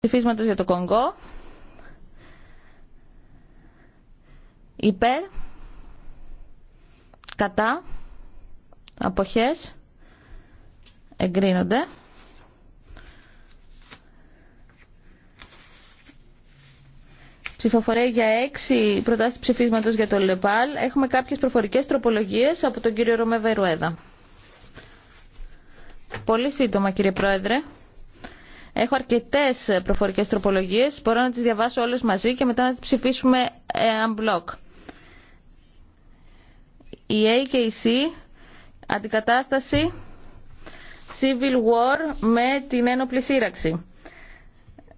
ψηφίσματος για το Κονγκό. Υπέρ. Κατά. Αποχές. Εγκρίνονται. Ψηφοφορία για έξι προτάσεις ψηφίσματος για το ΛΕΠΑΛ. Έχουμε κάποιες προφορικές τροπολογίες από τον κύριο Ρωμέ Βερουέδα. Πολύ σύντομα κύριε Πρόεδρε. Έχω αρκετέ προφορικέ τροπολογίε. μπορώ να τις διαβάσω όλες μαζί και μετά να τις ψηφίσουμε unblock. Ε, η A και η C, αντικατάσταση Civil War με την ένοπλη σύραξη.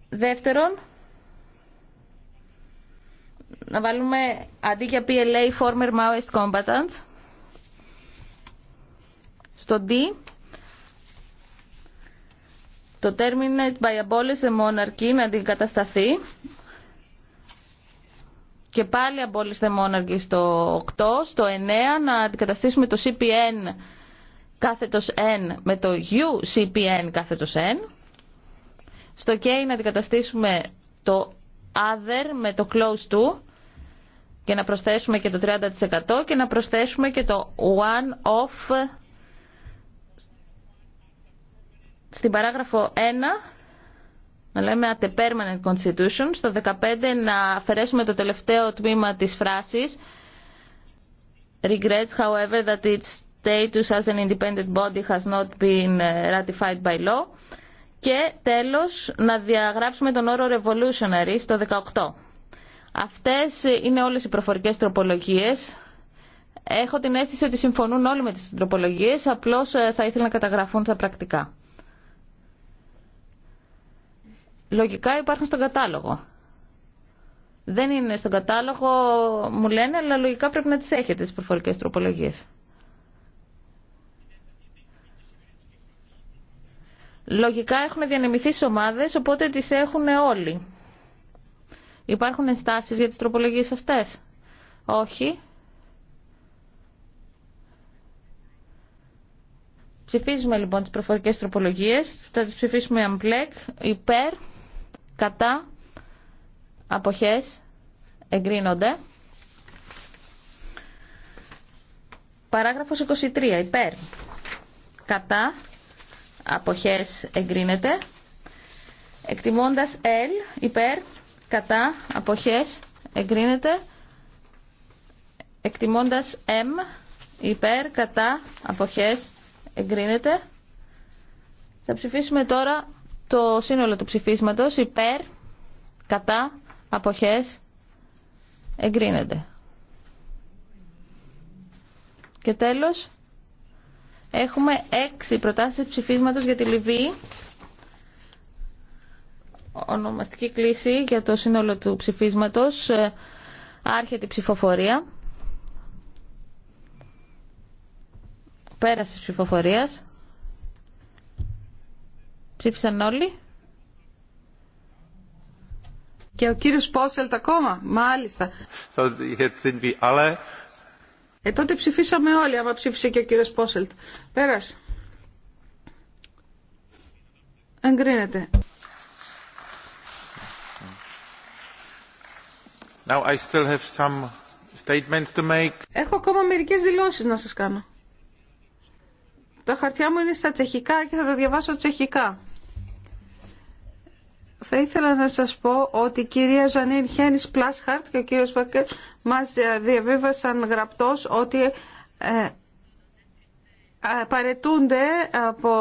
Δεύτερον, να βάλουμε αντί για PLA Former Maoist Combatants. Στο D, το terminate by abolish the monarchy να αντικατασταθεί και πάλι abolish the monarchy στο 8, στο 9 να αντικαταστήσουμε το CPN κάθετος N με το UCPN κάθετος N στο K να αντικαταστήσουμε το other με το close to και να προσθέσουμε και το 30% και να προσθέσουμε και το one off στην παράγραφο 1 να λέμε at the permanent constitution, στο 15 να αφαιρέσουμε το τελευταίο τμήμα της φράσης regrets however that its status as an independent body has not been uh, ratified by law και τέλος να διαγράψουμε τον όρο revolutionary στο 18. Αυτές είναι όλες οι προφορικές τροπολογίες. Έχω την αίσθηση ότι συμφωνούν όλοι με τις τροπολογίες, απλώς ε, θα ήθελα να καταγραφούν τα πρακτικά. λογικά υπάρχουν στον κατάλογο. Δεν είναι στον κατάλογο, μου λένε, αλλά λογικά πρέπει να τις έχετε τις προφορικές τροπολογίες. Λογικά έχουν διανεμηθεί σε ομάδες, οπότε τις έχουν όλοι. Υπάρχουν ενστάσεις για τις τροπολογίες αυτές. Όχι. Ψηφίζουμε λοιπόν τις προφορικές τροπολογίες. Θα τις ψηφίσουμε αμπλεκ, υπέρ κατά αποχές εγκρίνονται. Παράγραφος 23 υπέρ κατά αποχές εγκρίνεται. Εκτιμώντας L υπέρ κατά αποχές εγκρίνεται. Εκτιμώντας M υπέρ κατά αποχές εγκρίνεται. Θα ψηφίσουμε τώρα το σύνολο του ψηφίσματος υπέρ, κατά, αποχές, εγκρίνεται. Και τέλος, έχουμε έξι προτάσεις ψηφίσματος για τη Λιβύη. Ονομαστική κλίση για το σύνολο του ψηφίσματος. Ε, άρχεται η ψηφοφορία. Πέραση ψηφοφορίας. Ψήφισαν όλοι. Και ο κύριος Πόσελτ ακόμα. Μάλιστα. So, Ε, τότε ψηφίσαμε όλοι, άμα ψήφισε και ο κύριος Πόσελτ. Πέρασε. Εγκρίνεται. Now I still have some statements to make. Έχω ακόμα μερικές δηλώσεις να σας κάνω. Τα χαρτιά μου είναι στα τσεχικά και θα τα διαβάσω τσεχικά. Θα ήθελα να σας πω ότι η κυρία Ζανίν Χένης Πλάσχαρτ και ο κύριος Πακέ μας διαβίβασαν γραπτός ότι ε, ε, παρετούνται από